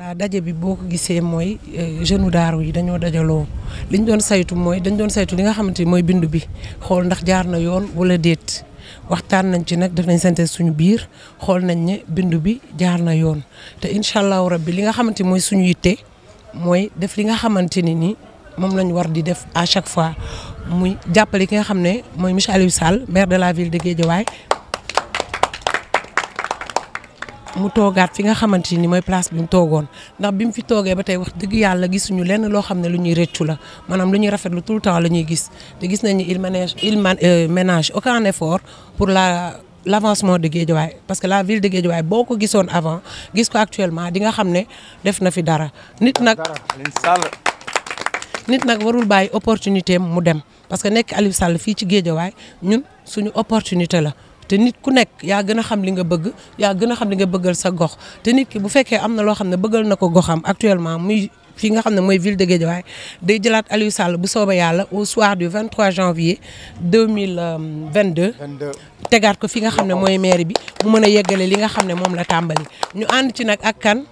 voilà daje bi boo ko gisee mooy euh, jeune daaru yi dañoo dajaloo li ñu doon saytu mooy dañ doon saytu li nga xamante ni mooy bindu bi xool ndax jaar na yoon wala déet waxtaan nañ ci nag def nañ synthèse suñu biir xool nañ ne bindu bi jaar na yoon te incha allahu rabbi li nga xamante ni mooy suñu yitte mooy def li nga xamante ni nii moom lañ war di def à chaque fois muy jàppale ki nga xam ne mooy monsieur Aliou Sall maire de la ville de Guédiawaye mu toogaat fi nga xamante ni mooy place bi mu toogoon ndax bi mu fi toogee ba tey wax dëgg yàlla gisuñu lenn loo xam ne lu ñuy rëccu la maanaam lu ñuy rafetlu tout le temps la ñuy gis te gis nañu il ménage il euh, ménage aucun effort pour la l' avancement de Guédiawaye parce que la ville de Guédiawaye boo ko gisoon avant gis ko actuellement di nga xam ne def na fi dara nit nag nit nag warul bàyyi opportunité mu dem parce que nekk Aliou Sall fii ci Guédiawaye ñun suñu opportunité la te nit ku nekk yaa gën a xam li nga bëgg yaa gën a xam li nga bëggal sa gox te nit ki bu fekkee am na loo xam ne bëggal na ko goxam actuellement muy fii nga xam ne mooy ville de Guédiawaye day jëlaat Aliou Sall bu soobee yàlla au soir du 23 janvier 2022 euh, tegaat ko fi nga xam ne mooy maire bi mu mën a yeggale li nga xam ne moom la tàmbali ñu ànd ci nag ak kan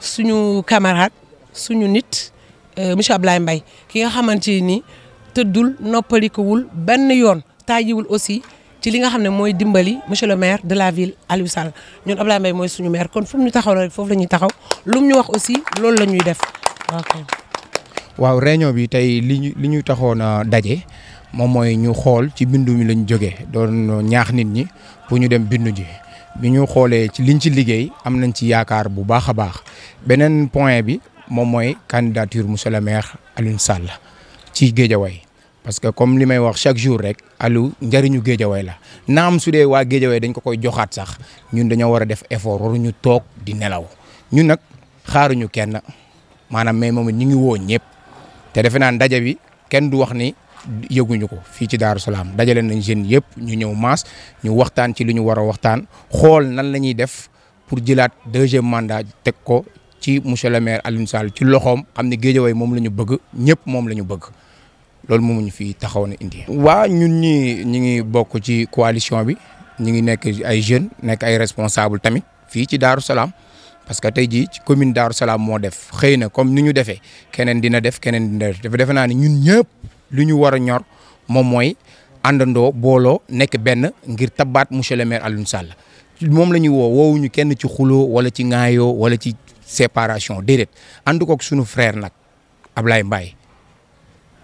suñu camarade suñu nit euh, monsieur Ablaye mbay ki nga xamante ni tëddul noppalikuwul benn yoon tàyyiwul aussi ci li nga xam ne mooy dimbali monsieur le maire de la ville Aliou Sall ñun Abdoulaye Mbaye mooy suñu maire kon fu ñu taxaw rek foofu la taxaw lu mu ñu wax aussi loolu la ñuy def waaw réunion bi tey li ñu li ñu taxoon a daje moom mooy ñu xool ci bindu mi lañ jógee doon ñaax nit ñi pour ñu dem bindu ji bi ñu xoolee ci liñ ci liggéey am nañ ci yaakaar bu baax a baax beneen point bi moom mooy candidature monsieur le maire aline Sall ci Guédiawaye parce que comme li may wax chaque jour rek Aliou njëriñu géejawaay la naam su dee waa géejawaay dañ ko koy joxaat sax ñun dañoo war a def effort waruñu toog di nelaw ñun nag xaaruñu kenn maanaam mais moom ñu ngi woo ñëpp te defe naa ndaje bi kenn du wax ni yëguñu ko fii ci Daaru Salaam dajale nañ jeunes yëpp ñu ñëw maas ñu waxtaan ci li ñu war a waxtaan xool nan la ñuy def pour jëlaat deuxième mandat teg ko ci monsieur le maire Alioune Sall ci loxoom xam ne géejawaay moom la ñu bëgg ñëpp moom la ñu bëgg. loolu moom ñu fi taxaw na indi. waa ñun ñi ñu ngi bokk ci coalition bi ñu ngi nekk ay jeunes nekk ay responsable tamit fii ci Daaru Salaam parce que tey jii ci commune Daaru Salaam moo def xëy na comme ni ñu defee keneen dina def keneen dina def defe naa ne ñun ñëpp lu ñu war a ñor moom mooy àndandoo booloo nekk benn ngir tabaat monsieur le maire Alioune Sall moom la ñuy woo woowuñu kenn ci xuloo wala ci ŋaayoo wala ci séparation déedéet ànd koog sunu frère nag Ablaye Mbaye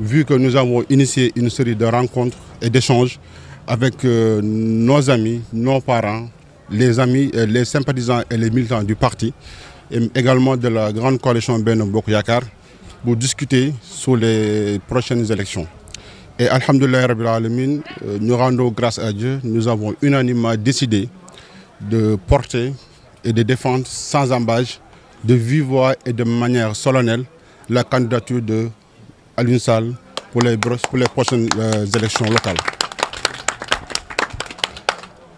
vu que nous avons initié une série de rencontres et d'échanges avec euh, nos amis, nos parents, les amis, les sympathisants et les militants du parti, et également de la grande coalition Ben Yakar, pour discuter sur les prochaines élections. Et Alhamdulillah Rabbil Alamin, euh, nous rendons grâce à Dieu, nous avons unanimement décidé de porter et de défendre sans embâche, de vivre et de manière solennelle, la candidature de à l'UNSAL pour les, pour les prochaines euh, élections locales.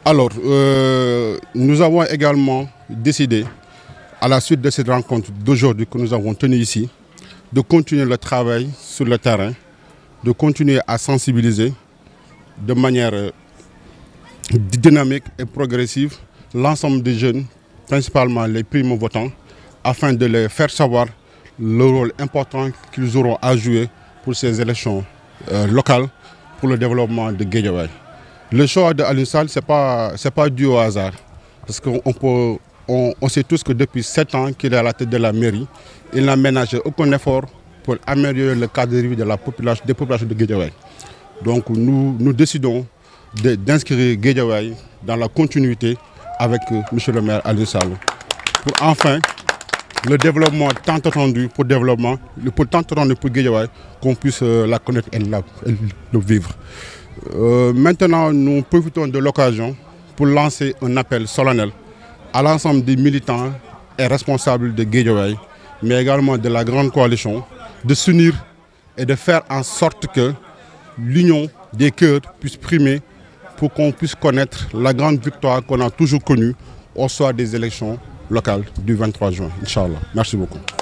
Alors, euh, nous avons également décidé, à la suite de cette rencontre d'aujourd'hui que nous avons tenue ici, de continuer le travail sur le terrain, de continuer à sensibiliser de manière euh, dynamique et progressive l'ensemble des jeunes, principalement les primo-votants, afin de les faire savoir le rôle important qu'ils auront à jouer pour ces élections euh, locales pour le développement de Guédiawaye. Le choix de ce n'est pas, dû au hasard. Parce qu'on on sait tous que depuis 7 ans qu'il est à la tête de la mairie, il n'a ménagé aucun effort pour améliorer le cadre de vie la population, des populations de Guédiawaye. Donc nous, nous décidons d'inscrire Guédiawaye dans la continuité avec euh, M. le maire Sall. pour enfin le développement tant attendu pour le développement, pour tant attendu pour Guédiawaye, qu'on puisse euh, la connaître et, la, le vivre. Euh, maintenant, nous profitons de l'occasion pour lancer un appel solennel à l'ensemble des militants et responsables de Guédiawaye, mais également de la grande coalition, de s'unir et de faire en sorte que l'union des cœurs puisse primer pour qu'on puisse connaître la grande victoire qu'on a toujours connue au soir des élections locale du 23 juin, Inch'Allah. Merci beaucoup.